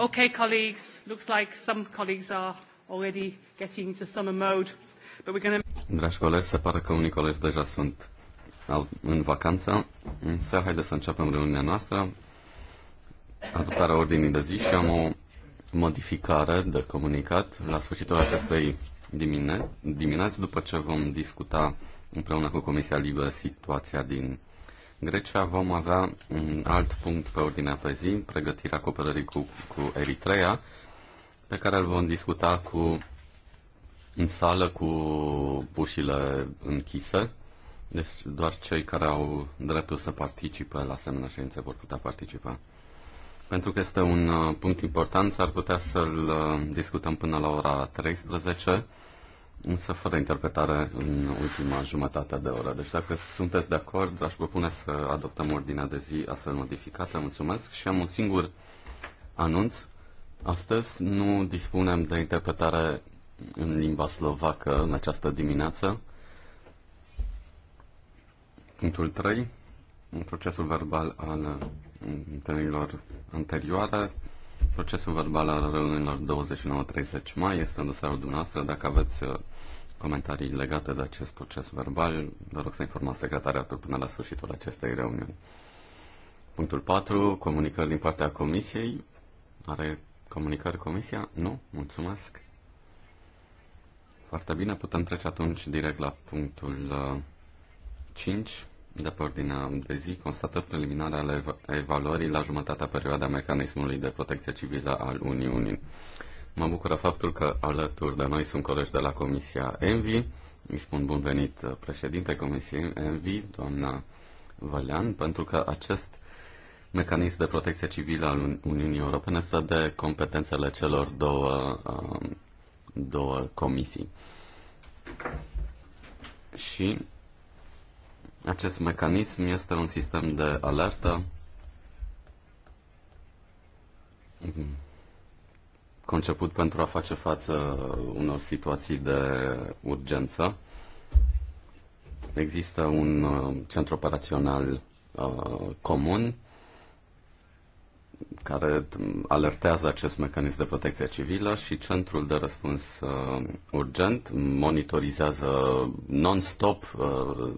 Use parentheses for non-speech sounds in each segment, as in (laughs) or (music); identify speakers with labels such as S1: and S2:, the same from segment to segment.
S1: Okay, colleagues, looks like some colleagues are already getting into summer mode, but we're going to... Dragi colegi, se pare că unii colegi deja sunt în vacanță, însă haideți să începem reuniunea noastră. Adoptarea ordinii de zi și am o modificare de comunicat la sfârșitul acestei dimine- dimineți, după ce vom discuta împreună cu Comisia Liberă situația din Grecia vom avea un alt punct pe ordinea pe zi, pregătirea cooperării cu, cu Eritrea, pe care îl vom discuta cu, în sală cu bușile închise. Deci doar cei care au dreptul să participe la asemenea ședințe vor putea participa. Pentru că este un uh, punct important, s-ar putea să-l uh, discutăm până la ora 13 însă fără interpretare în ultima jumătate de oră. Deci dacă sunteți de acord, aș propune să adoptăm ordinea de zi astfel modificată. Mulțumesc și am un singur anunț. Astăzi nu dispunem de interpretare în limba slovacă în această dimineață. Punctul 3. În procesul verbal al întâlnirilor anterioare Procesul verbal al reuniunilor 29-30 mai este în dosarul dumneavoastră. Dacă aveți uh, comentarii legate de acest proces verbal, vă rog să informați secretariatul până la sfârșitul acestei reuniuni. Punctul 4. Comunicări din partea Comisiei. Are comunicări Comisia? Nu? Mulțumesc. Foarte bine, putem trece atunci direct la punctul 5. Uh, de pe ordinea de zi, constatări preliminare ale evaluării la jumătatea perioada mecanismului de protecție civilă al Uniunii. Mă bucură faptul că alături de noi sunt colegi de la Comisia ENVI. Îi spun bun venit uh, președinte Comisiei ENVI, doamna Vălean, pentru că acest mecanism de protecție civilă al Uniunii Europene este de competențele celor două, uh, două comisii. Și acest mecanism este un sistem de alertă conceput pentru a face față unor situații de urgență. Există un uh, centru operațional uh, comun care alertează acest mecanism de protecție civilă și centrul de răspuns uh, urgent monitorizează non-stop uh,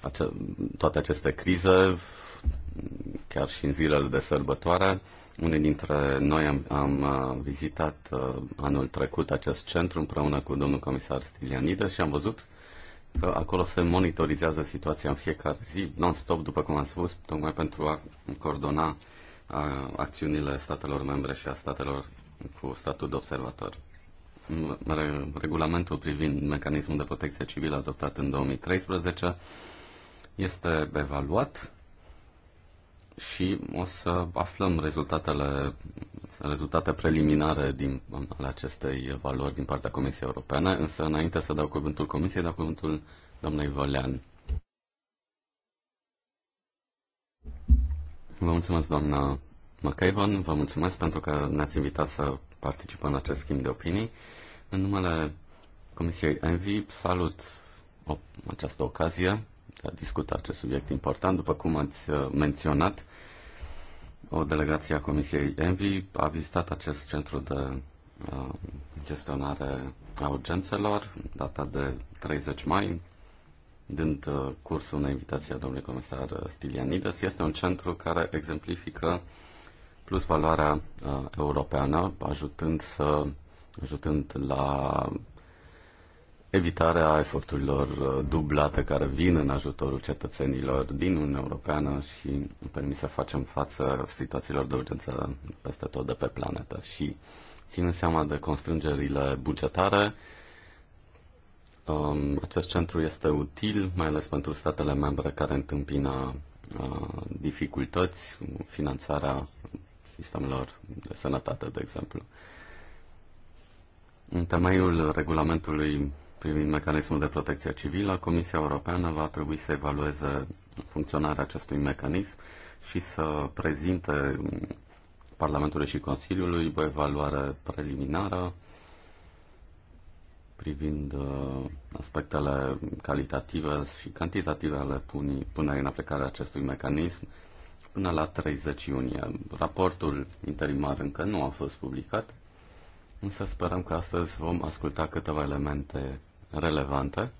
S1: ace- toate aceste crize, chiar și în zilele de sărbătoare. Unii dintre noi am, am uh, vizitat uh, anul trecut acest centru împreună cu domnul comisar Stilianides și am văzut că acolo se monitorizează situația în fiecare zi, non-stop, după cum am spus, tocmai pentru a coordona uh, acțiunile statelor membre și a statelor cu statut de observator. Regulamentul privind mecanismul de protecție civilă adoptat în 2013 este evaluat și o să aflăm rezultatele, rezultate preliminare din, ale acestei valori din partea Comisiei Europene, însă înainte să dau cuvântul Comisiei, dau cuvântul doamnei Volean. Vă mulțumesc, doamna McAvon, vă mulțumesc pentru că ne-ați invitat să participăm la acest schimb de opinii. În numele Comisiei Envi salut o, această ocazie a discutat acest subiect important. După cum ați uh, menționat, o delegație a Comisiei Envi a vizitat acest centru de uh, gestionare a urgențelor, data de 30 mai, dând uh, curs unei invitații a domnului comisar Stilianides. Este un centru care exemplifică plus valoarea europeană, ajutând, să, ajutând la evitarea eforturilor uh, dublate care vin în ajutorul cetățenilor din Uniunea Europeană și permis să facem față situațiilor de urgență peste tot de pe planetă. Și ținând seama de constrângerile bugetare, um, acest centru este util, mai ales pentru statele membre care întâmpină uh, dificultăți cu finanțarea sistemelor de sănătate, de exemplu. În temeiul regulamentului privind mecanismul de protecție civilă, Comisia Europeană va trebui să evalueze funcționarea acestui mecanism și să prezinte Parlamentului și Consiliului o evaluare preliminară privind uh, aspectele calitative și cantitative ale punerii în aplicare acestui mecanism până la 30 iunie. Raportul interimar încă nu a fost publicat, însă sperăm că astăzi vom asculta câteva elemente relevante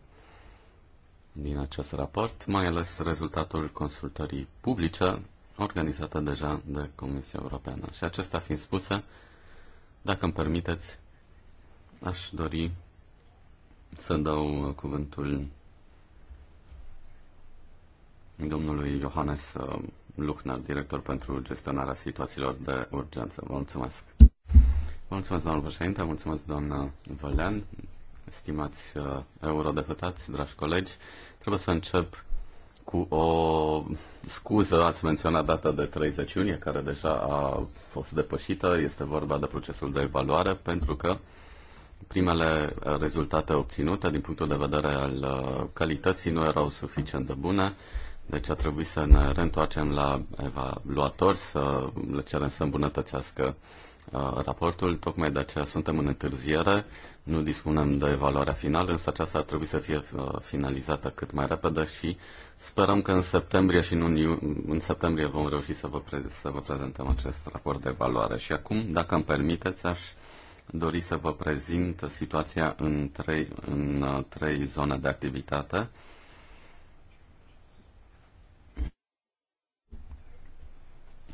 S1: din acest raport, mai ales rezultatul consultării publice organizată deja de Comisia Europeană. Și acesta fiind spuse, dacă îmi permiteți, aș dori să dau cuvântul domnului Johannes uh, Luchner, director pentru gestionarea situațiilor de urgență. Vă mulțumesc! mulțumesc, doamnă președinte, mulțumesc, doamnă Vălean, stimați uh, eurodeputați, dragi colegi. Trebuie să încep cu o scuză, ați menționat data de 30 iunie, care deja a fost depășită, este vorba de procesul de evaluare, pentru că primele rezultate obținute din punctul de vedere al uh, calității nu erau suficient de bune, deci a trebuit să ne reîntoarcem la evaluatori, să le cerem să îmbunătățească Uh, raportul, tocmai de aceea suntem în întârziere, nu dispunem de evaluarea finală, însă aceasta ar trebui să fie uh, finalizată cât mai repede și sperăm că în septembrie și în, iu- în septembrie vom reuși să vă, pre- să vă prezentăm acest raport de evaluare. Și acum, dacă îmi permiteți, aș dori să vă prezint situația în trei, în uh, trei zone de activitate.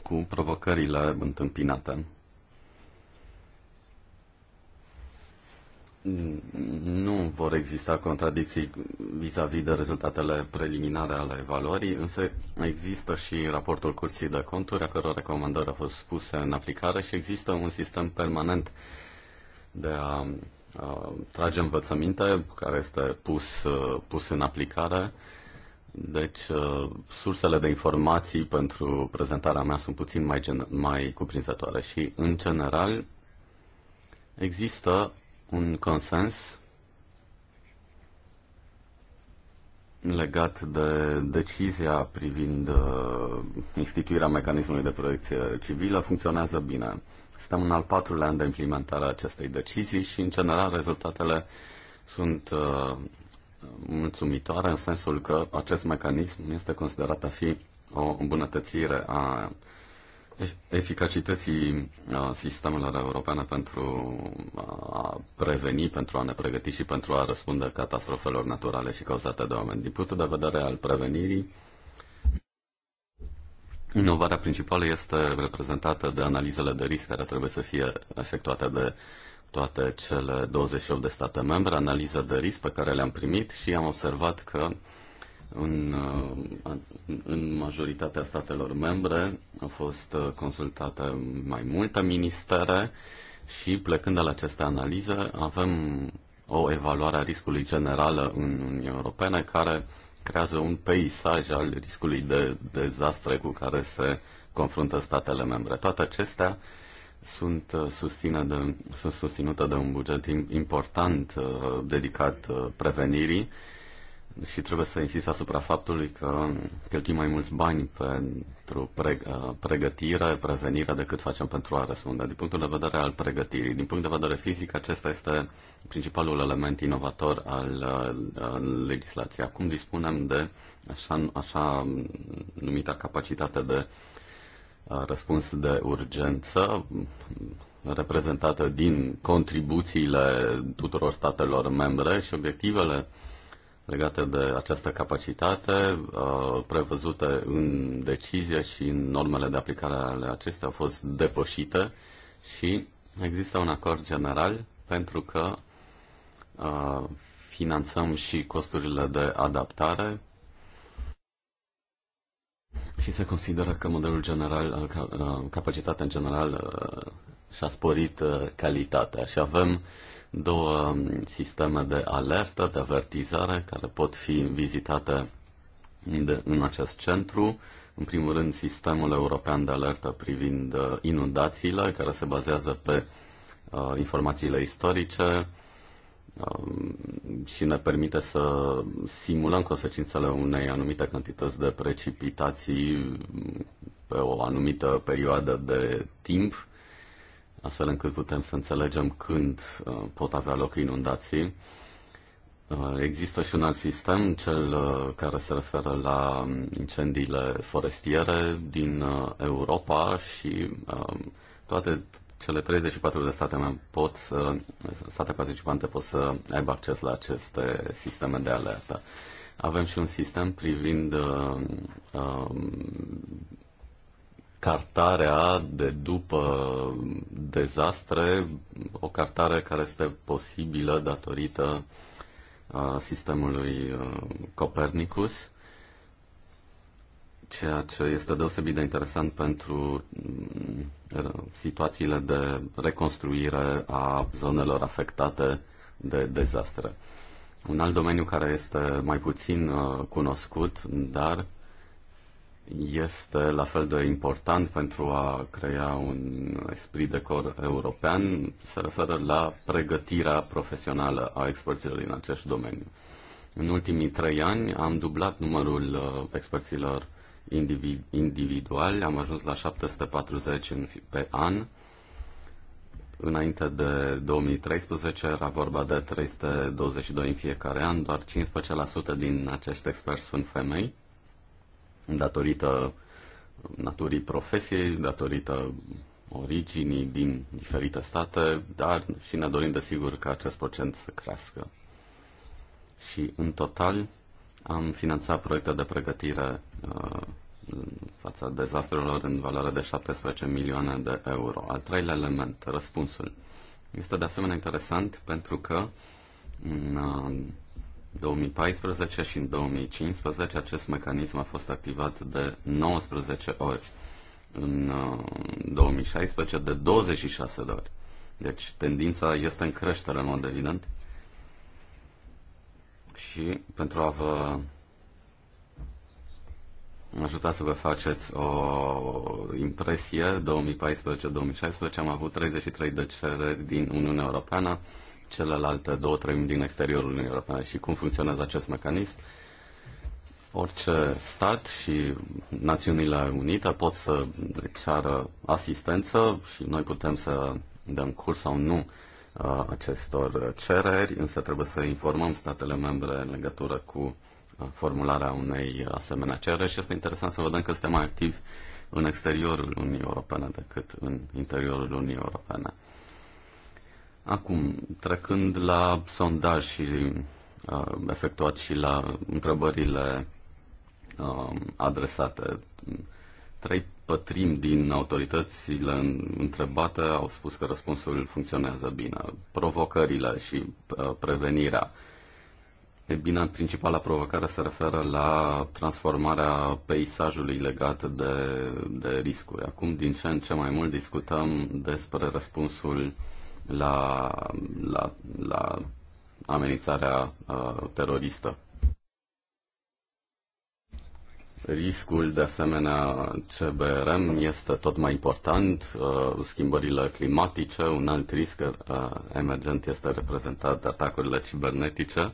S1: cu provocările întâmpinate nu vor exista contradicții vis-a-vis -vis de rezultatele preliminare ale evaluării, însă există și raportul Curții de Conturi, a căror recomandări au fost puse în aplicare și există un sistem permanent de a, a trage învățăminte care este pus, pus în aplicare. Deci, sursele de informații pentru prezentarea mea sunt puțin mai, gen, mai cuprinzătoare și, în general, există un consens legat de decizia privind uh, instituirea mecanismului de protecție civilă funcționează bine. Suntem în al patrulea an de implementare a acestei decizii și, în general, rezultatele sunt uh, mulțumitoare în sensul că acest mecanism este considerat a fi o îmbunătățire a eficacității sistemelor europene pentru a preveni, pentru a ne pregăti și pentru a răspunde catastrofelor naturale și cauzate de oameni. Din punctul de vedere al prevenirii, inovarea principală este reprezentată de analizele de risc care trebuie să fie efectuate de toate cele 28 de state membre, analiza de risc pe care le-am primit și am observat că uh, în, uh, în majoritatea statelor membre a fost uh, consultată mai multe ministere și plecând de la aceste analize avem o evaluare a riscului generală în Uniunea Europeană care creează un peisaj al riscului de dezastre cu care se confruntă statele membre. Toate acestea sunt, uh, susține de, sunt susținute de un buget important dedicat prevenirii și trebuie să insist asupra faptului că cheltuim mai mulți bani pentru uh, pregătire, prevenire decât facem pentru a răspunde. Din punctul de vedere al pregătirii, din punct de vedere fizic, acesta este principalul element inovator al, uh, al legislației. Acum dispunem de așa, așa numita capacitate de uh, răspuns de urgență, reprezentată din contribuțiile tuturor statelor membre și obiectivele legate de această capacitate uh, prevăzute în decizie și în normele de aplicare ale acestea au fost depășite și există un acord general pentru că uh, finanțăm și costurile de adaptare și se consideră că modelul general, uh, capacitatea în general și-a sporit calitatea și avem două um, sisteme de alertă, de avertizare, care pot fi vizitate de, în acest centru. În primul rând, sistemul european de alertă privind uh, inundațiile, care se bazează pe uh, informațiile istorice uh, și ne permite să simulăm consecințele unei anumite cantități de precipitații pe o anumită perioadă de timp astfel încât putem să înțelegem când uh, pot avea loc inundații. Uh, există și un alt sistem, cel uh, care se referă la um, incendiile forestiere din Europa și um, toate cele 34 de state mai pot să, state participante pot să aibă acces la aceste sisteme de alertă. Avem și un sistem privind uh, uh, cartarea de după dezastre, o cartare care este posibilă datorită sistemului Copernicus, ceea ce este deosebit de interesant pentru mm, situațiile de reconstruire a zonelor afectate de dezastre. Un alt domeniu care este mai puțin cunoscut, dar este la fel de important pentru a crea un esprit de cor european, se referă la pregătirea profesională a experților din acest domeniu. În ultimii trei ani am dublat numărul uh, experților individ, individuali, am ajuns la 740 pe an. Înainte de 2013 era vorba de 322 în fiecare an, doar 15% din acești experți sunt femei datorită naturii profesiei, datorită originii din diferite state, dar și ne dorim desigur ca acest procent să crească. Și în total am finanțat proiecte de pregătire uh, în fața dezastrelor în valoare de 17 milioane de euro. Al treilea element, răspunsul. Este de asemenea interesant pentru că în uh, 2014 și în 2015 acest mecanism a fost activat de 19 ori, în 2016 uh, de 26 de ori. Deci tendința este în creștere, în mod evident. Și pentru a vă ajuta să vă faceți o impresie, 2014-2016 am avut 33 de cereri din Uniunea Europeană, celelalte două treimi din exteriorul Uniunii Europene și cum funcționează acest mecanism. Orice stat și Națiunile Unite pot să ceară asistență și noi putem să dăm curs sau nu uh, acestor cereri, însă trebuie să informăm statele membre în legătură cu uh, formularea unei asemenea cereri și este interesant să vedem că suntem mai activi în exteriorul Uniunii Europene decât în interiorul Uniunii Europene. Acum, trecând la sondaj și uh, efectuat și la întrebările uh, adresate, trei pătrimi din autoritățile întrebate au spus că răspunsul funcționează bine. Provocările și uh, prevenirea. E bine, principala provocare se referă la transformarea peisajului legat de, de riscuri. Acum, din ce în ce mai mult discutăm despre răspunsul uh, la, la, la amenințarea uh, teroristă. Riscul, de asemenea, CBRM este tot mai important. Uh, schimbările climatice, un alt risc uh, emergent este reprezentat de atacurile cibernetice,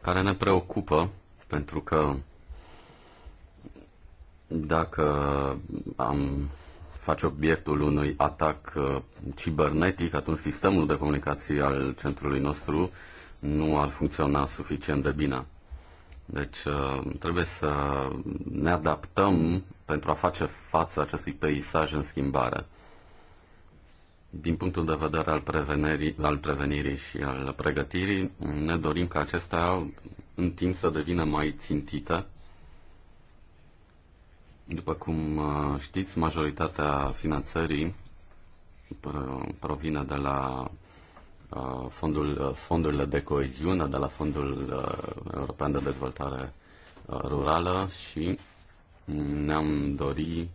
S1: care ne preocupă pentru că dacă am face obiectul unui atac uh, cibernetic, atunci sistemul de comunicații al centrului nostru nu ar funcționa suficient de bine. Deci uh, trebuie să ne adaptăm pentru a face față acestui peisaj în schimbare. Din punctul de vedere al prevenirii, al prevenirii și al pregătirii, ne dorim ca acestea în timp să devină mai țintite după cum uh, știți, majoritatea finanțării provine de la uh, fondul, uh, fondurile de coeziune, de la Fondul European de Dezvoltare Rurală și ne-am dorit.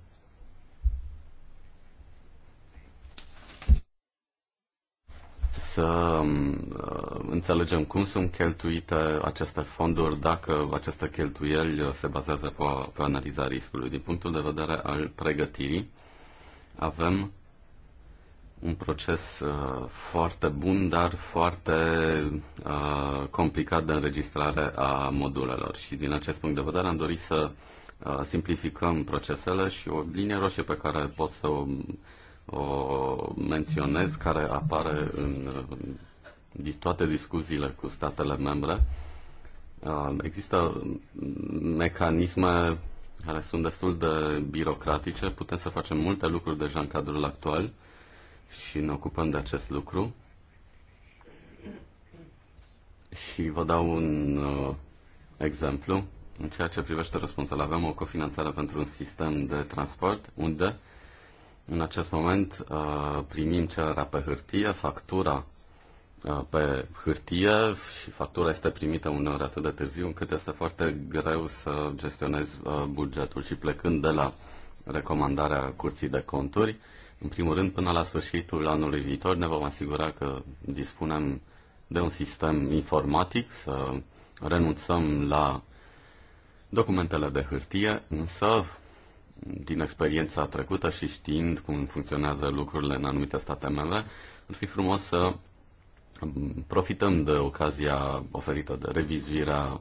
S1: să um, uh, înțelegem cum sunt cheltuite aceste fonduri, dacă aceste cheltuieli uh, se bazează pe, pe analiza riscului. Din punctul de vedere al pregătirii, avem un proces uh, foarte bun, dar foarte complicat de înregistrare a modulelor. Și din acest punct de vedere am dorit să simplificăm procesele și o linie roșie pe care pot să o o menționez, care apare în toate discuțiile cu statele membre. Uh, există mecanisme care sunt destul de birocratice, putem să facem multe lucruri deja în cadrul actual și ne ocupăm de acest lucru. Și vă dau un uh, exemplu. În ceea ce privește răspunsul, avem o cofinanțare pentru un sistem de transport unde în acest moment uh, primim cererea pe hârtie, factura uh, pe hârtie și factura este primită uneori atât de târziu încât este foarte greu să gestionezi uh, bugetul și plecând de la recomandarea curții de conturi, în primul rând până la sfârșitul anului viitor ne vom asigura că dispunem de un sistem informatic, să renunțăm la documentele de hârtie, însă din experiența trecută și știind cum funcționează lucrurile în anumite state membre, ar fi frumos să profităm de ocazia oferită de revizuirea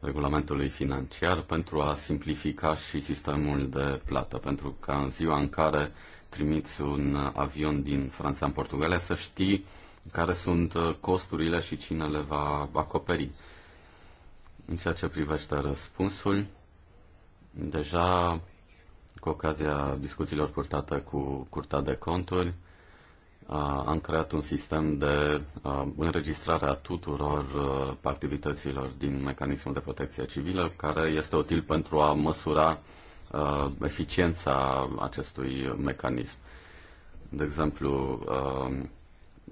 S1: regulamentului financiar pentru a simplifica și sistemul de plată, pentru ca în ziua în care trimiți un avion din Franța în Portugalia să știi care sunt costurile și cine le va acoperi. În ceea ce privește răspunsul, deja cu ocazia discuțiilor purtate cu Curtea de Conturi, am creat un sistem de înregistrare a tuturor activităților din mecanismul de protecție civilă, care este util pentru a măsura eficiența acestui mecanism. De exemplu,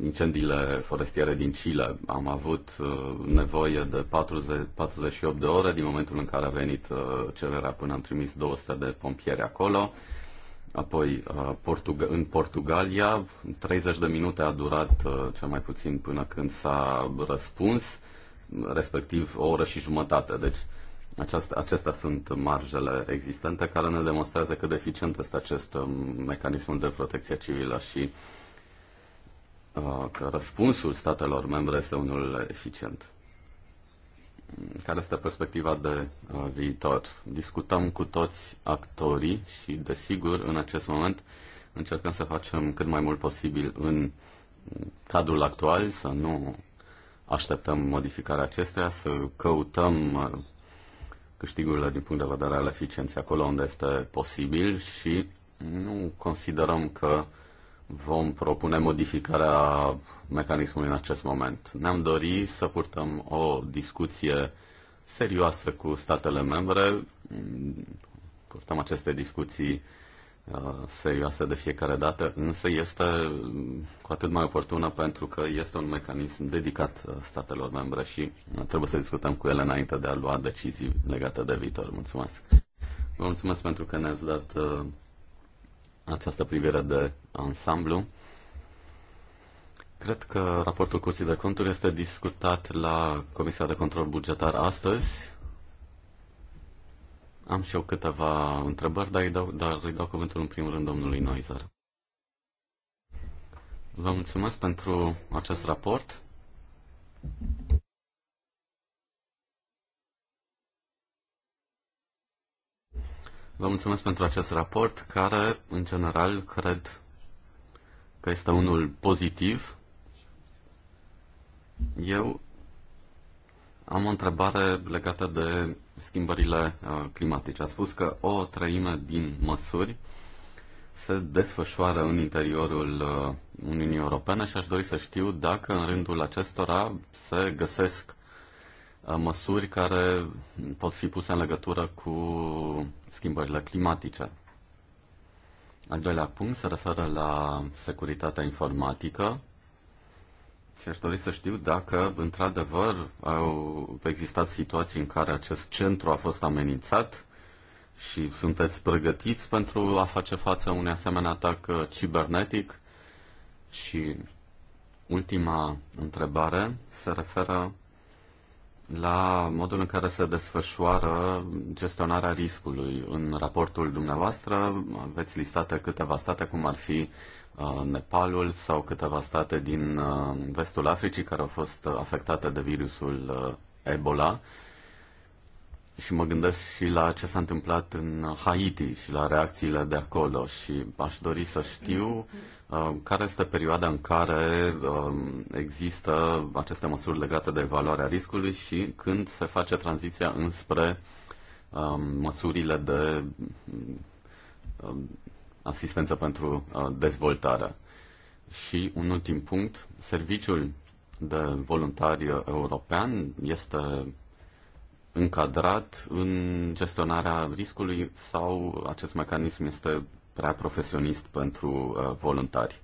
S1: incendiile forestiere din Chile. Am avut uh, nevoie de 40, 48 de ore din momentul în care a venit uh, cererea până am trimis 200 de pompieri acolo. Apoi uh, Portug- în Portugalia 30 de minute a durat cel mai puțin până când s-a răspuns, respectiv o oră și jumătate. Deci aceasta, acestea sunt marjele existente care ne demonstrează cât de eficient este acest mecanism de protecție civilă și uh, Uh, că răspunsul statelor membre este unul eficient. Care este perspectiva de uh, viitor? Discutăm cu toți actorii și, desigur, în acest moment încercăm să facem cât mai mult posibil în cadrul actual, să nu așteptăm modificarea acesteia, să căutăm uh, câștigurile din punct de vedere al eficienței acolo unde este posibil și nu considerăm că vom propune modificarea mecanismului în acest moment. Ne-am dorit să purtăm o discuție serioasă cu statele membre. Purtăm aceste discuții uh, serioase de fiecare dată, însă este uh, cu atât mai oportună pentru că este un mecanism dedicat uh, statelor membre și trebuie să discutăm cu ele înainte de a lua decizii legate de viitor. Mulțumesc! Vă mulțumesc pentru că ne-ați dat această privire de ansamblu. Cred că raportul Curții de Conturi este discutat la Comisia de Control Bugetar astăzi. Am și eu câteva întrebări, dar îi dau, dar îi dau cuvântul în primul rând domnului Noizer. Vă mulțumesc pentru acest raport. Vă mulțumesc pentru acest raport, care, în general, cred că este unul pozitiv. Eu am o întrebare legată de schimbările uh, climatice. A spus că o treime din măsuri se desfășoară în interiorul uh, Uniunii Europene și aș dori să știu dacă în rândul acestora se găsesc Uh, măsuri care pot fi puse în legătură cu schimbările climatice. Al doilea punct se referă la securitatea informatică și aș dori să știu dacă, într-adevăr, au existat situații în care acest centru a fost amenințat și sunteți pregătiți pentru a face față unui asemenea atac uh, cibernetic. Și ultima întrebare se referă la modul în care se desfășoară gestionarea riscului. În raportul dumneavoastră aveți listate câteva state, cum ar fi uh, Nepalul sau câteva state din uh, vestul Africii care au fost afectate de virusul uh, Ebola și mă gândesc și la ce s-a întâmplat în Haiti și la reacțiile de acolo și aș dori să știu uh, care este perioada în care uh, există aceste măsuri legate de evaluarea riscului și când se face tranziția înspre uh, măsurile de uh, asistență pentru uh, dezvoltare. Și un ultim punct, serviciul de voluntari european este încadrat în gestionarea riscului sau acest mecanism este prea profesionist pentru uh, voluntari?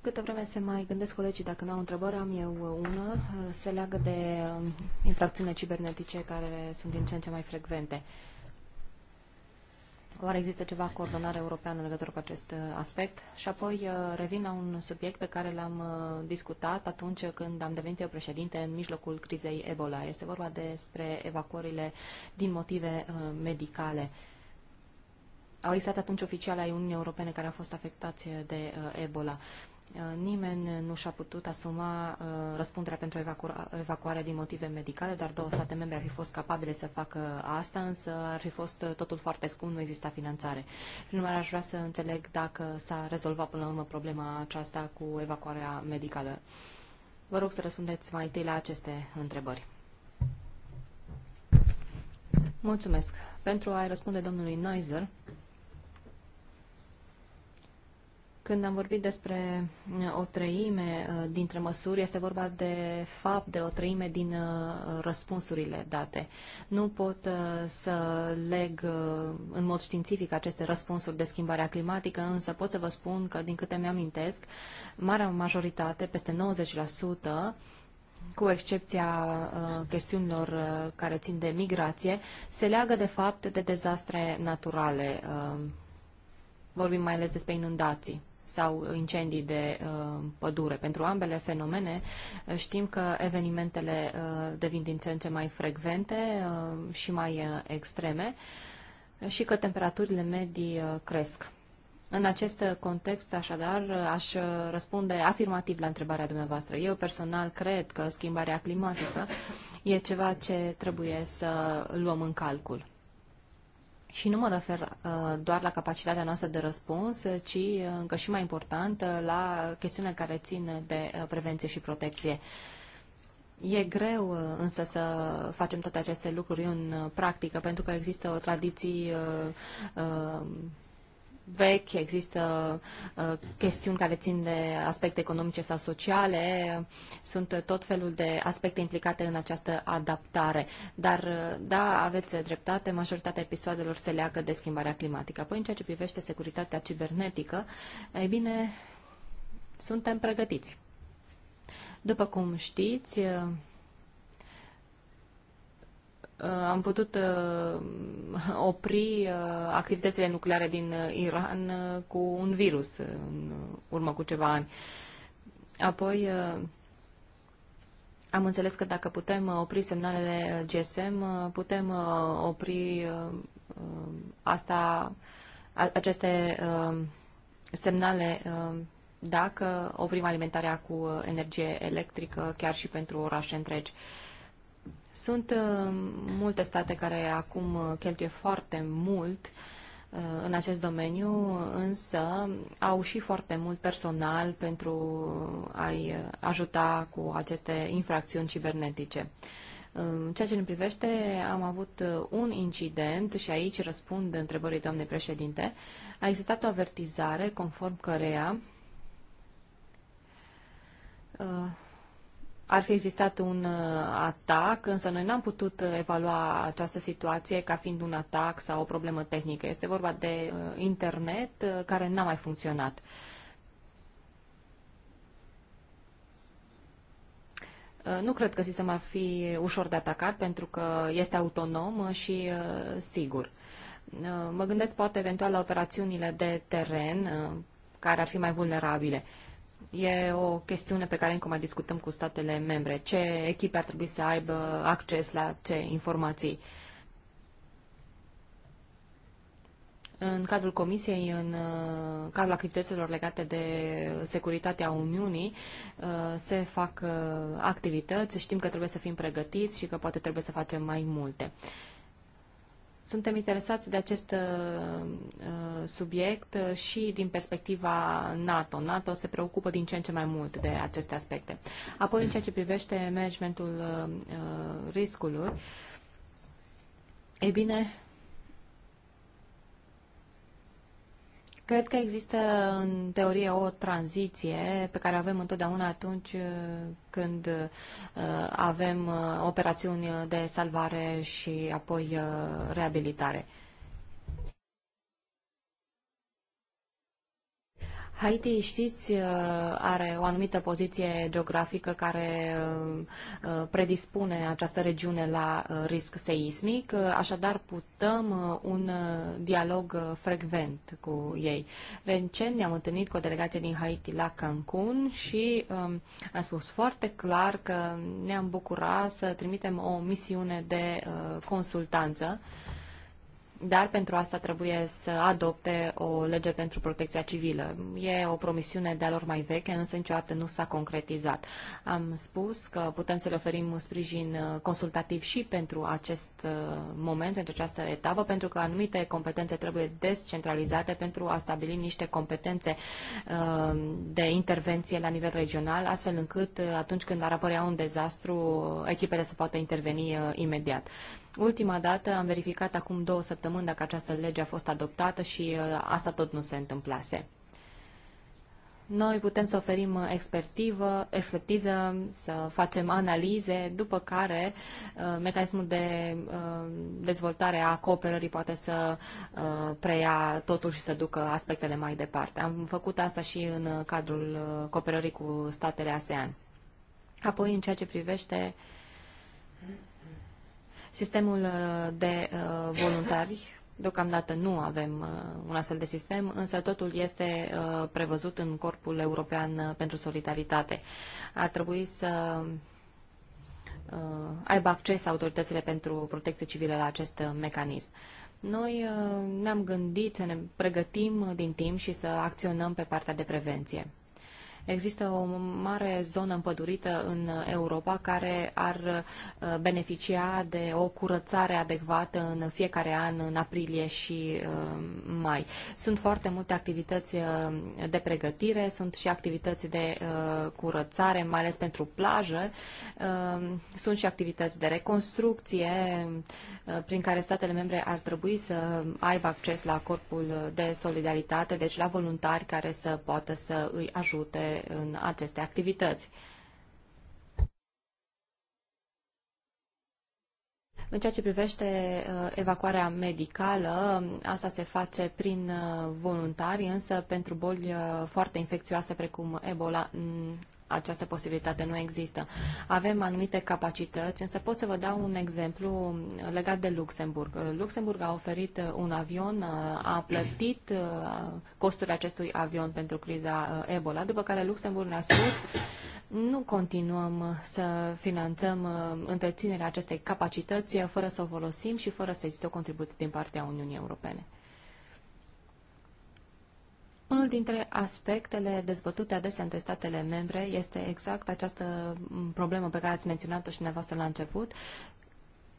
S2: Câte vreme se mai gândesc colegii, dacă nu au întrebări, am eu una. Se leagă de um, infracțiunile cibernetice care sunt din ce în ce mai frecvente. Uh, Oare există ceva coordonare europeană în legătură cu acest uh, aspect? Și apoi uh, revin la un subiect pe care l-am uh, discutat atunci când am devenit eu președinte în mijlocul crizei Ebola. Este vorba despre evacuările din motive medicale. Au existat atunci oficiali ai Uniunii Europene care au fost afectați de Ebola. Uh, nimeni nu și-a putut asuma uh, răspunderea pentru evacuarea din motive medicale, dar două state membre ar fi fost capabile să facă asta, însă ar fi fost uh, totul foarte scump, nu exista finanțare. Prin urmare, aș vrea să înțeleg dacă s-a rezolvat până la urmă problema aceasta cu evacuarea medicală. Vă rog să răspundeți mai întâi la aceste întrebări. Mulțumesc. Pentru a-i răspunde domnului Neuser, când am vorbit despre uh, o treime uh, dintre măsuri, este vorba de fapt de o treime din uh, răspunsurile date. Nu pot să leg în mod științific aceste răspunsuri de schimbarea climatică, însă pot să vă spun că, din câte mi-amintesc, marea majoritate, peste 90%, cu excepția uh, chestiunilor uh, care țin de migrație, se leagă de fapt de dezastre naturale. Uh, vorbim mai ales despre inundații sau incendii de uh, pădure. Pentru ambele fenomene uh, știm că evenimentele uh, devin din ce în ce mai frecvente uh, și mai uh, extreme uh, și că temperaturile medii cresc. În acest context, așadar, aș răspunde afirmativ la întrebarea dumneavoastră. Eu personal cred că schimbarea climatică e ceva ce trebuie să luăm în calcul. Și nu mă refer uh, doar la capacitatea noastră de răspuns, ci, uh, încă și mai important, uh, la chestiunea care țin de prevenție și protecție. E greu însă să facem toate aceste lucruri în practică, pentru că există o tradiție vechi, există uh, chestiuni care țin de aspecte economice sau sociale, sunt tot felul de aspecte implicate în această adaptare. Dar, uh, da, aveți dreptate, majoritatea episoadelor se leagă de schimbarea climatică. Apoi, în ceea ce privește securitatea cibernetică, ei bine, suntem pregătiți. După cum știți, uh, Uh, am putut uh, (laughs) opri uh, activitățile nucleare din Iran cu un virus în urmă cu ceva ani. Apoi am înțeles că dacă putem opri semnalele GSM, putem opri asta, aceste semnale dacă oprim alimentarea cu energie electrică chiar și pentru orașe întregi. Sunt uh, multe state care acum uh, cheltuie foarte mult uh, în acest domeniu, însă au și foarte mult personal pentru a-i ajuta cu aceste infracțiuni cibernetice. În ceea ce ne privește, am avut un incident și aici răspund întrebării doamnei președinte. A existat o avertizare conform căreia ar fi existat un uh, atac, însă noi n-am putut uh, evalua această situație ca fiind un atac sau o problemă tehnică. Este vorba de uh, internet care n-a mai funcționat. Nu cred că sistemul ar fi ușor de atacat pentru că este autonom și sigur. Mă gândesc poate eventual la operațiunile de teren care ar fi mai vulnerabile. E o chestiune pe care încă mai discutăm cu statele membre. Ce echipe ar trebui să aibă acces la ce informații? În cadrul Comisiei, în uh, cadrul activităților legate de securitatea Uniunii, uh, se fac uh, activități. Știm că trebuie să fim pregătiți și că poate trebuie să facem mai multe. Suntem interesați de acest uh, uh, subiect uh, și din perspectiva NATO. NATO se preocupă din ce în ce mai mult de aceste aspecte. Apoi, în ceea ce privește managementul riscului, e bine, Cred că există în teorie o tranziție pe care avem întotdeauna atunci uh, când uh, avem uh, operațiuni de salvare și apoi reabilitare. Haiti, știți, uh, are o anumită poziție geografică care uh, uh, predispune această regiune la risc seismic, așadar putăm un dialog frecvent cu ei. Recent ne-am întâlnit cu o delegație din Haiti la Cancun și um, am spus foarte clar că ne-am bucurat să trimitem o misiune de consultanță dar pentru asta trebuie să adopte o lege pentru protecția civilă. E o promisiune de-a lor mai veche, însă niciodată nu s-a concretizat. Am spus că putem să le oferim sprijin uh, consultativ și pentru acest uh, moment, pentru această etapă, pentru că anumite competențe trebuie descentralizate pentru a stabili niște competențe uh, de intervenție la nivel regional, astfel încât atunci când ar apărea un dezastru, echipele să poată interveni imediat. Ultima dată am verificat acum două săptămâni dacă această lege a fost adoptată și uh, asta tot nu se întâmplase. Noi putem să oferim uh, expertivă, expertiză, să facem analize, după care uh, mecanismul de dezvoltare a cooperării poate să preia totul și să ducă aspectele mai departe. Am făcut asta și în cadrul cooperării cu statele ASEAN. Apoi, în ceea ce privește Sistemul uh, de uh, voluntari, deocamdată nu avem uh, un astfel de sistem, însă totul este prevăzut în Corpul European pentru Solidaritate. Ar trebui să aibă acces autoritățile pentru protecție civilă la acest mecanism. Noi ne-am gândit să ne pregătim din timp și să acționăm pe partea de prevenție. Există o mare zonă împădurită în Europa care ar uh, beneficia de o curățare adecvată în fiecare an, în aprilie și uh, mai. Sunt foarte multe activități uh, de pregătire, sunt și activități de curățare, mai ales pentru plajă, sunt și activități de reconstrucție prin care statele membre ar trebui să aibă acces la corpul de solidaritate, deci la voluntari care să poată să îi ajute în aceste activități. În ceea ce privește uh, evacuarea medicală, asta se face prin uh, voluntari, însă pentru boli uh, foarte infecțioase precum Ebola mm, această posibilitate nu există. Avem anumite capacități, însă pot să vă dau un exemplu legat de Luxemburg. Luxemburg a oferit un avion, a plătit uh, costurile acestui avion pentru criza uh, Ebola, după care Luxemburg ne-a spus nu continuăm să finanțăm uh, întreținerea acestei capacități fără să o folosim și fără să existe o contribuție din partea Uniunii Europene. Unul dintre aspectele dezbătute adesea între statele membre este exact această mm, problemă pe care ați menționat-o și dumneavoastră la început,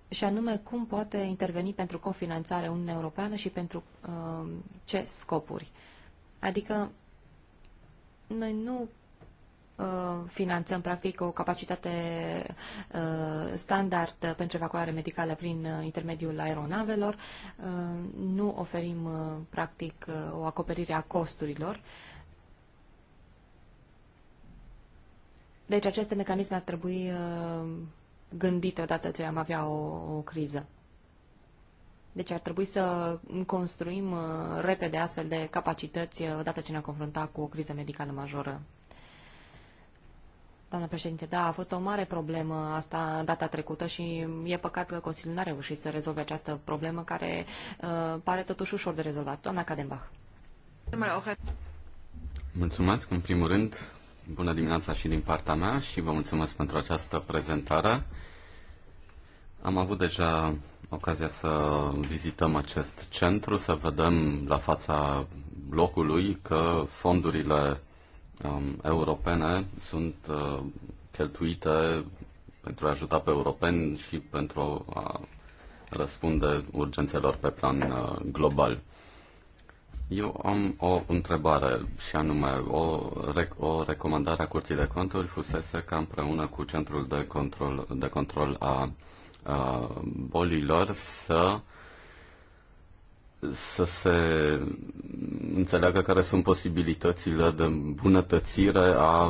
S2: și anume cum poate interveni pentru cofinanțare Uniunea Europeană și pentru uh, ce scopuri. Adică noi nu Uh, finanțăm practic o capacitate uh, standard pentru evacuare medicală prin uh, intermediul aeronavelor, nu oferim practic o acoperire a costurilor. Deci aceste mecanisme ar trebui gândite odată ce am avea o, o criză. Deci ar trebui să construim repede astfel de capacități odată ce ne-am confruntat cu o criză medicală majoră Doamna președinte, da, a fost o mare problemă asta data trecută și e păcat că Consiliul n-a reușit să rezolve această problemă care uh, pare totuși ușor de rezolvat. Doamna Cadenbach.
S1: Mulțumesc, în primul rând, bună dimineața și din partea mea și vă mulțumesc pentru această prezentare. Am avut deja ocazia să vizităm acest centru, să vedem la fața locului că fondurile um, europene sunt uh, cheltuite pentru a ajuta pe europeni și pentru a răspunde urgențelor pe plan uh, global. Eu am o întrebare și anume o, rec- o recomandare a Curții de Conturi fusese ca împreună cu Centrul de Control, de control a, a bolilor să să se înțeleagă care sunt posibilitățile de îmbunătățire a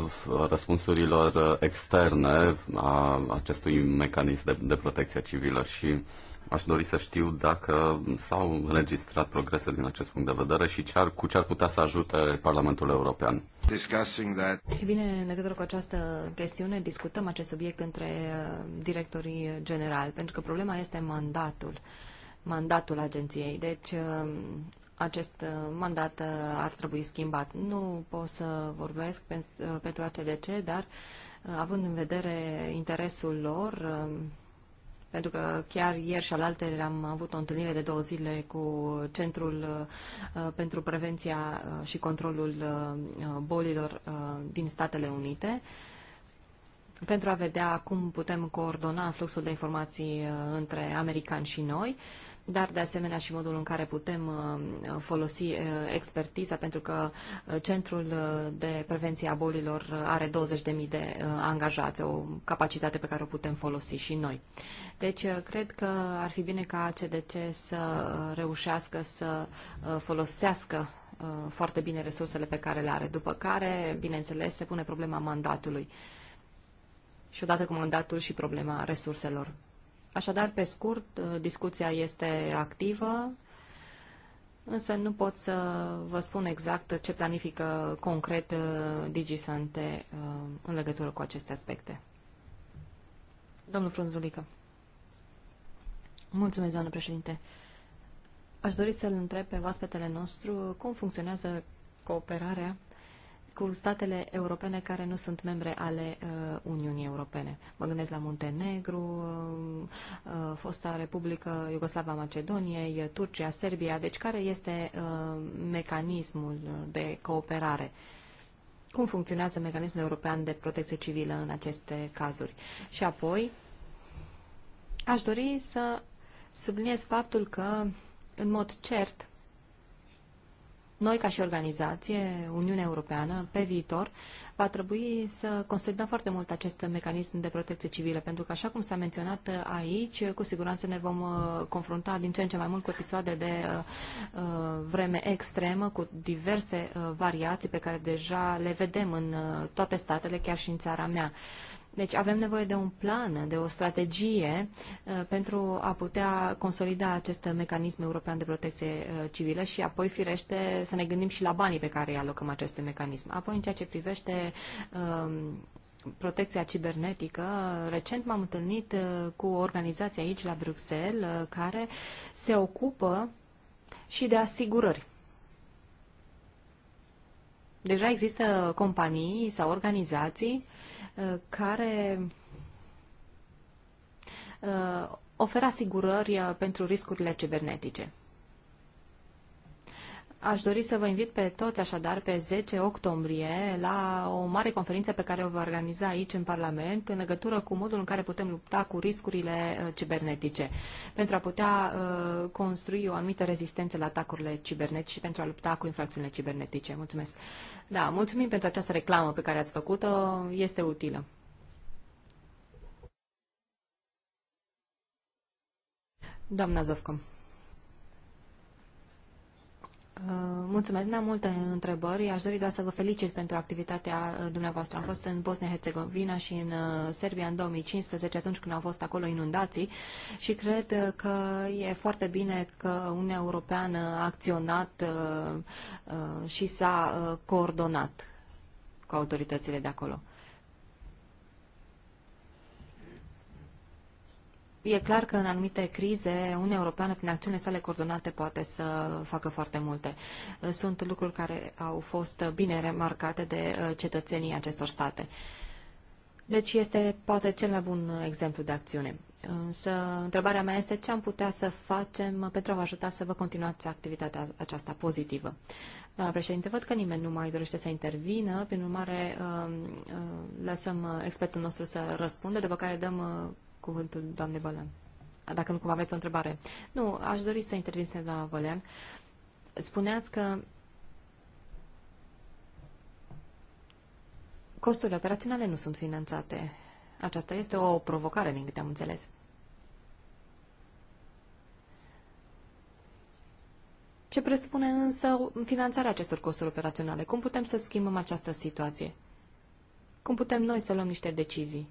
S1: răspunsurilor externe a acestui mecanism de, de protecție civilă și aș dori să știu dacă s-au înregistrat progrese din acest punct de vedere și ce ar, cu ce ar putea să ajute Parlamentul European.
S2: E bine, în legătură cu această chestiune, discutăm acest subiect între uh, directorii generali, pentru că problema este mandatul. Uh, mandatul agenției. Deci uh, acest uh, mandat uh, ar trebui schimbat. Nu pot să vorbesc pentru ACDC, dar având în vedere interesul lor, pentru că chiar ieri și alaltă am avut o întâlnire de două zile cu Centrul pentru Prevenția și Controlul Bolilor din Statele Unite, pentru a vedea cum putem coordona fluxul de informații între americani și noi. Uh, dar de asemenea și modul în care putem uh, folosi uh, expertiza, pentru că uh, Centrul de Prevenție a Bolilor are 20.000 de angajați, o capacitate pe care o putem folosi și noi. Deci, cred că ar fi bine ca CDC să reușească să folosească foarte bine resursele pe care le are, după care, bineînțeles, se pune problema mandatului și odată cu mandatul și problema resurselor. Așadar, pe scurt, uh, discuția este activă, însă nu pot să vă spun exact ce planifică concret uh, DigiSante uh, în legătură cu aceste aspecte. Domnul Frunzulică. Mulțumesc, doamnă președinte. Aș dori să-l întreb pe oaspetele nostru cum funcționează cooperarea cu statele europene care nu sunt membre ale uh, Uniunii Europene. Mă gândesc la Muntenegru, uh, uh, fosta Republică Iugoslava Macedoniei, Turcia, Serbia. Deci care este uh, mecanismul de cooperare? Cum funcționează mecanismul european de protecție civilă în aceste cazuri? Și apoi, aș dori să subliniez faptul că, în mod cert, noi, ca și organizație, Uniunea Europeană, pe viitor, va trebui să consolidăm foarte mult acest mecanism de protecție civilă, pentru că, așa cum s-a menționat aici, cu siguranță ne vom uh, confrunta din ce în ce mai mult cu episoade de uh, uh, vreme extremă, cu diverse variații pe care deja le vedem în toate statele, chiar și în țara mea. Deci avem nevoie de un plan, de o strategie uh, pentru a putea consolida acest mecanism european de protecție uh, civilă și apoi, firește, să ne gândim și la banii pe care îi alocăm acestui mecanism. Apoi, în ceea ce privește um, protecția cibernetică, recent m-am întâlnit uh, cu o organizație aici la Bruxelles care se ocupă și de asigurări. Deja există companii sau organizații uh, care uh, oferă asigurări uh, pentru riscurile cibernetice. Aș dori să vă invit pe toți așadar pe 10 octombrie la o mare conferință pe care o va organiza aici în Parlament în legătură cu modul în care putem lupta cu riscurile uh, cibernetice pentru a putea uh, construi o anumită rezistență la atacurile cibernetice și pentru a lupta cu infracțiunile cibernetice. Mulțumesc! Da, mulțumim pentru această reclamă pe care ați făcut-o, este utilă. Doamna Zovcom. Uh, mulțumesc, n-am multe întrebări. Aș dori doar să vă felicit pentru activitatea uh, dumneavoastră. Am fost în Bosnia-Herzegovina și în uh, Serbia în 2015, atunci când au fost acolo inundații și cred că e foarte bine că Uniunea Europeană a acționat și s-a coordonat cu autoritățile de acolo. E clar că în anumite crize, Uniunea Europeană, prin acțiunile sale coordonate, poate să facă foarte multe. Sunt lucruri care au fost bine remarcate de uh, cetățenii acestor state. Deci este poate cel mai bun exemplu de acțiune. Însă întrebarea mea este ce am putea să facem pentru a vă ajuta să vă continuați activitatea aceasta pozitivă. Doamna președinte, văd că nimeni nu mai dorește să intervină, prin urmare uh, uh, lăsăm expertul nostru să răspundă, după care dăm cuvântul doamne Bălan. Dacă nu cumva aveți o întrebare. Nu, aș dori să intervin, să doamna Bălan. Spuneați că costurile operaționale nu sunt finanțate. Aceasta este o provocare, din câte am înțeles. Ce presupune însă finanțarea acestor costuri operaționale? Cum putem să schimbăm această situație? Cum putem noi să luăm niște decizii?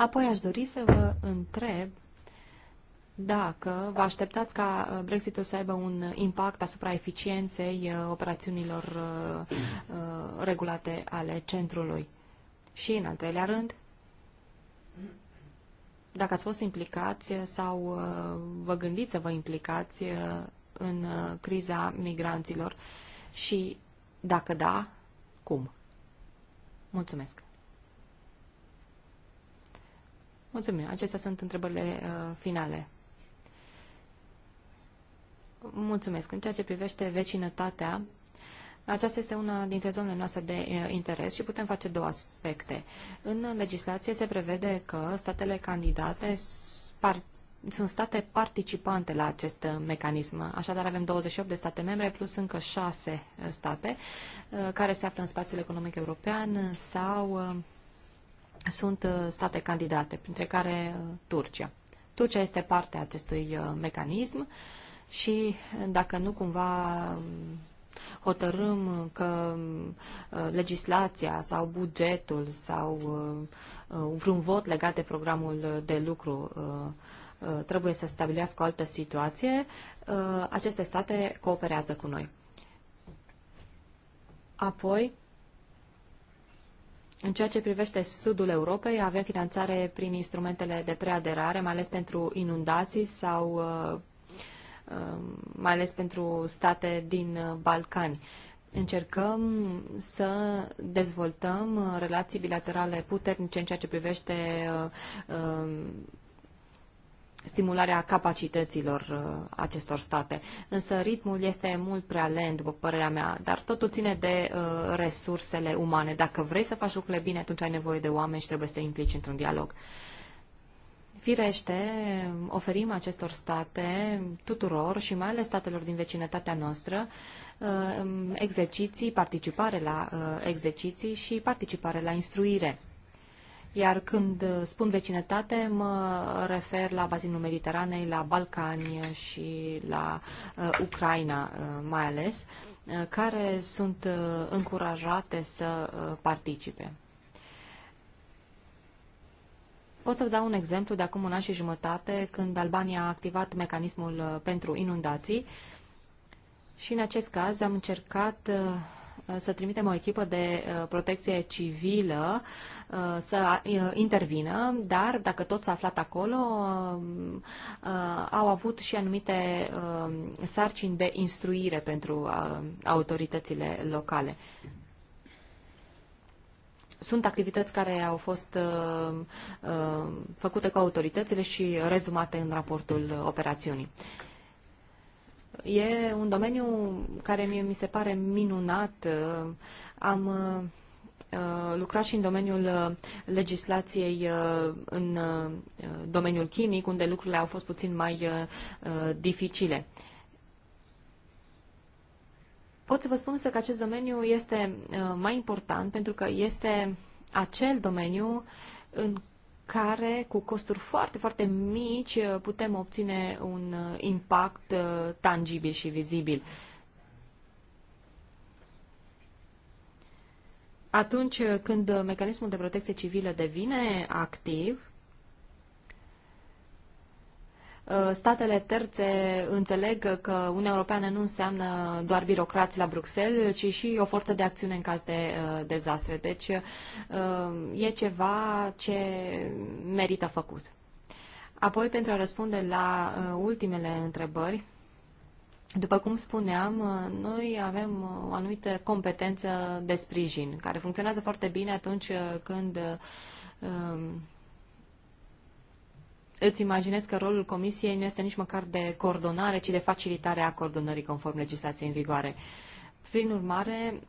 S2: Apoi aș dori să vă întreb dacă vă așteptați ca uh, Brexitul să aibă un impact asupra eficienței uh, operațiunilor uh, regulate ale centrului. Și, în al treilea rând, dacă ați fost implicați sau vă gândiți să vă implicați în criza migranților și, dacă da, cum? Mulțumesc! Mulțumim. Acestea sunt întrebările uh, finale. Mulțumesc. În ceea ce privește vecinătatea, aceasta este una dintre zonele noastre de uh, interes și putem face două aspecte. În legislație se prevede că statele candidate sunt state participante la acest uh, mecanism. Așadar avem 28 de state membre plus încă 6 uh, state care se află în spațiul economic european sau sunt uh, state candidate, printre care uh, Turcia. Turcia este parte a acestui uh, mecanism și dacă nu cumva um, hotărâm că um, legislația sau bugetul sau vreun vot legat de programul de lucru trebuie să stabilească o altă situație, aceste state cooperează cu noi. Apoi, în ceea ce privește sudul Europei, avem finanțare prin instrumentele de preaderare, mai ales pentru inundații sau uh, uh, mai ales pentru state din uh, Balcani. Încercăm să dezvoltăm relații bilaterale puternice în ceea ce privește stimularea capacităților uh, acestor state. Însă ritmul este mult prea lent, după părerea mea, dar totul ține de uh, resursele umane. Dacă vrei să faci lucrurile bine, atunci ai nevoie de oameni și trebuie să te implici într-un dialog. Firește, oferim acestor state, tuturor și mai ales statelor din vecinătatea noastră, uh, exerciții, participare la exerciții și participare la instruire. Iar când spun vecinătate, mă refer la bazinul Mediteranei, la Balcani și la uh, Ucraina uh, mai ales, uh, care sunt încurajate să participe. Pot să vă dau un exemplu de acum un an și jumătate, când Albania a activat mecanismul pentru inundații și în acest caz am încercat să trimitem o echipă de uh, protecție civilă uh, să uh, intervină, dar dacă tot s-a aflat acolo, au avut și anumite sarcini de instruire pentru autoritățile locale. Sunt activități care au fost uh, uh, făcute cu autoritățile și rezumate în raportul operațiunii. Uh, E un domeniu care mie mi se pare minunat. Am uh, uh, lucrat și în domeniul uh, legislației în domeniul chimic, unde lucrurile au fost puțin mai dificile. Pot să vă spun însă că acest domeniu este mai important pentru că este acel domeniu în care cu costuri foarte, foarte mici uh, putem obține un uh, impact uh, tangibil și vizibil. Atunci când mecanismul de protecție civilă devine activ, Uh, statele terțe înțeleg că Uniunea Europeană nu înseamnă doar birocrați la Bruxelles, ci și o forță de acțiune în caz de uh, dezastre. Deci uh, e ceva ce merită făcut. Apoi, pentru a răspunde la ultimele întrebări, după cum spuneam, noi avem o anumită competență de sprijin, care funcționează foarte bine atunci când Îți imaginez că rolul Comisiei nu este nici măcar de coordonare, ci de facilitare a coordonării conform legislației în vigoare. Prin urmare,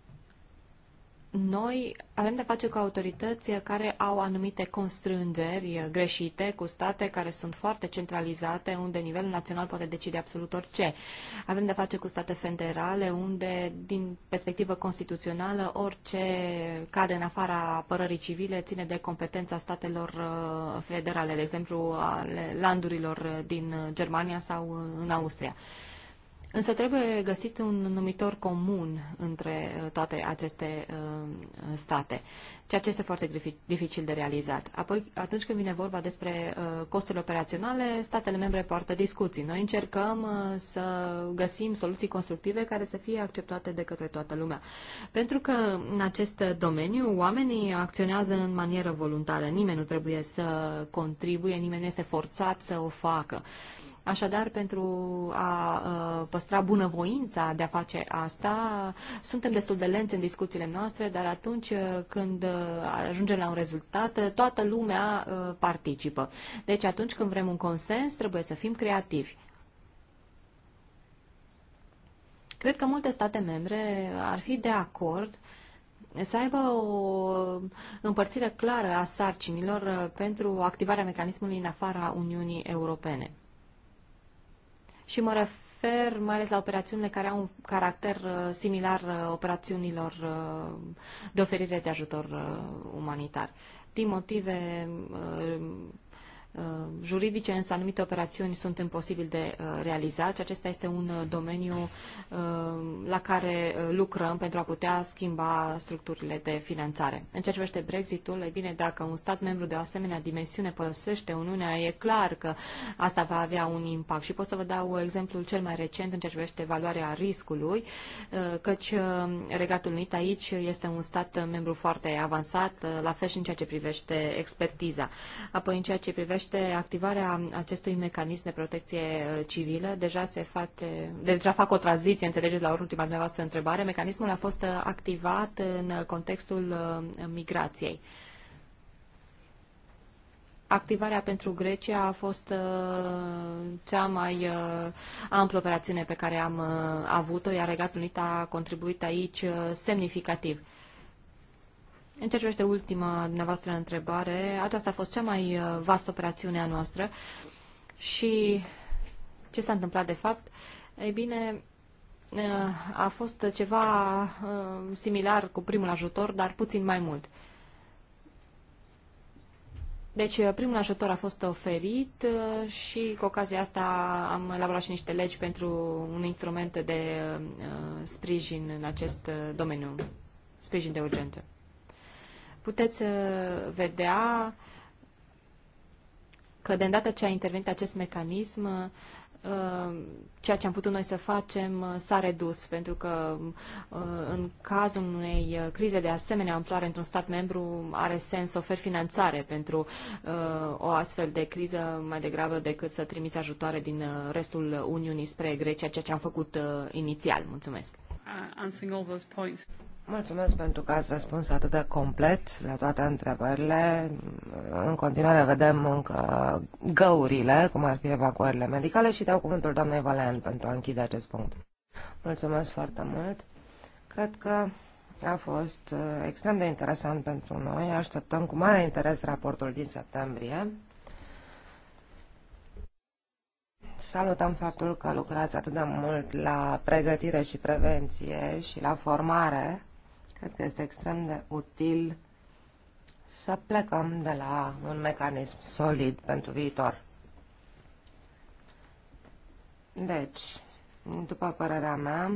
S2: noi avem de face cu autorități care au anumite constrângeri greșite, cu state care sunt foarte centralizate, unde nivelul național poate decide absolut orice. Avem de face cu state federale, unde, din perspectivă constituțională, orice cade în afara apărării civile ține de competența statelor uh, federale, de exemplu, ale landurilor uh, din Germania sau uh, în Austria. Însă trebuie găsit un numitor comun între uh, toate aceste uh, state, ceea ce este foarte dificil de realizat. Apoi, atunci când vine vorba despre uh, costurile operaționale, statele membre poartă discuții. Noi încercăm să găsim soluții constructive care să fie acceptate de către toată lumea. Pentru că în acest domeniu oamenii acționează în manieră voluntară. Nimeni nu trebuie să contribuie, nimeni nu este forțat să o facă. Uh, Așadar, pentru a uh, păstra bunăvoința de a face asta, suntem destul de lenți în discuțiile noastre, dar atunci uh, când uh, ajungem la un rezultat, toată lumea participă. Deci atunci când vrem un consens, trebuie să fim creativi. Cred că multe state membre ar fi de acord să aibă o împărțire clară a sarcinilor pentru activarea mecanismului în afara Uniunii Europene și mă refer mai ales la operațiunile care au un caracter uh, similar uh, operațiunilor uh, de oferire de ajutor umanitar. Din motive Uh, juridice, însă anumite operațiuni sunt imposibil de uh, realizat și acesta este un uh, domeniu la care lucrăm pentru a putea schimba structurile de finanțare. În ceea ce privește Brexitul, e bine, dacă un stat membru de o asemenea dimensiune părăsește Uniunea, e clar că asta va avea un impact. Și pot să vă dau exemplul cel mai recent în ceea ce privește valoarea riscului, căci Regatul Unit aici este un stat membru foarte avansat, la fel și în ceea ce privește expertiza. Apoi, în ceea ce privește privește activarea acestui mecanism de protecție uh, civilă, deja se face, deja fac o tranziție, înțelegeți, la ultima dumneavoastră întrebare, mecanismul a fost uh, activat în uh, contextul migrației. Activarea pentru Grecia a fost cea mai amplă operațiune pe care am avut-o, iar Regatul Unit a contribuit aici semnificativ. În ce privește ultima dumneavoastră întrebare, aceasta a fost cea mai uh, vastă operațiune a noastră și ce s-a întâmplat de fapt? Ei bine, uh, a fost ceva uh, similar cu primul ajutor, dar puțin mai mult. Deci primul ajutor a fost oferit și cu ocazia asta am elaborat și niște legi pentru un instrument de sprijin în acest domeniu, sprijin de urgență puteți uh, vedea că de îndată ce a intervenit acest mecanism, uh, ceea ce am putut noi să facem uh, s-a redus, pentru că în cazul unei crize de asemenea amploare într-un stat membru are sens să oferi finanțare pentru o astfel de criză mai degrabă decât să trimiți ajutoare din restul Uniunii spre Grecia, ceea ce am făcut inițial. Mulțumesc!
S3: Mulțumesc pentru că ați răspuns atât de complet la toate întrebările. În continuare vedem încă găurile, cum ar fi evacuările medicale și dau cuvântul doamnei Valean pentru a închide acest punct. Mulțumesc foarte mult. Cred că a fost uh, extrem de interesant pentru noi. Așteptăm cu mare interes raportul din septembrie. Salutăm faptul că lucrați atât de mult la pregătire și prevenție și la formare Cred că este extrem de util să plecăm de la un mecanism solid pentru viitor. Deci, după părerea mea,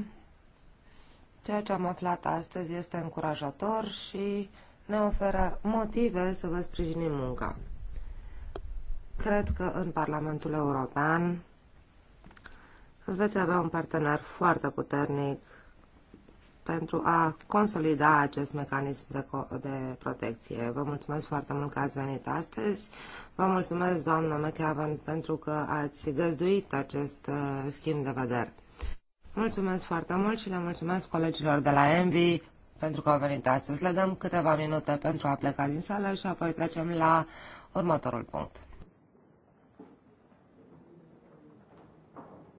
S3: ceea ce am aflat astăzi este încurajator și ne oferă motive să vă sprijinim munca. Cred că în Parlamentul European veți avea un partener foarte puternic pentru a consolida acest mecanism de, de protecție. Vă mulțumesc foarte mult că ați venit astăzi. Vă mulțumesc, doamnă McEvan pentru că ați găzduit acest uh, schimb de vedere. Mulțumesc foarte mult și le mulțumesc colegilor de la Envy pentru că au venit astăzi. Le dăm câteva minute pentru a pleca din sală și apoi trecem la
S1: următorul punct.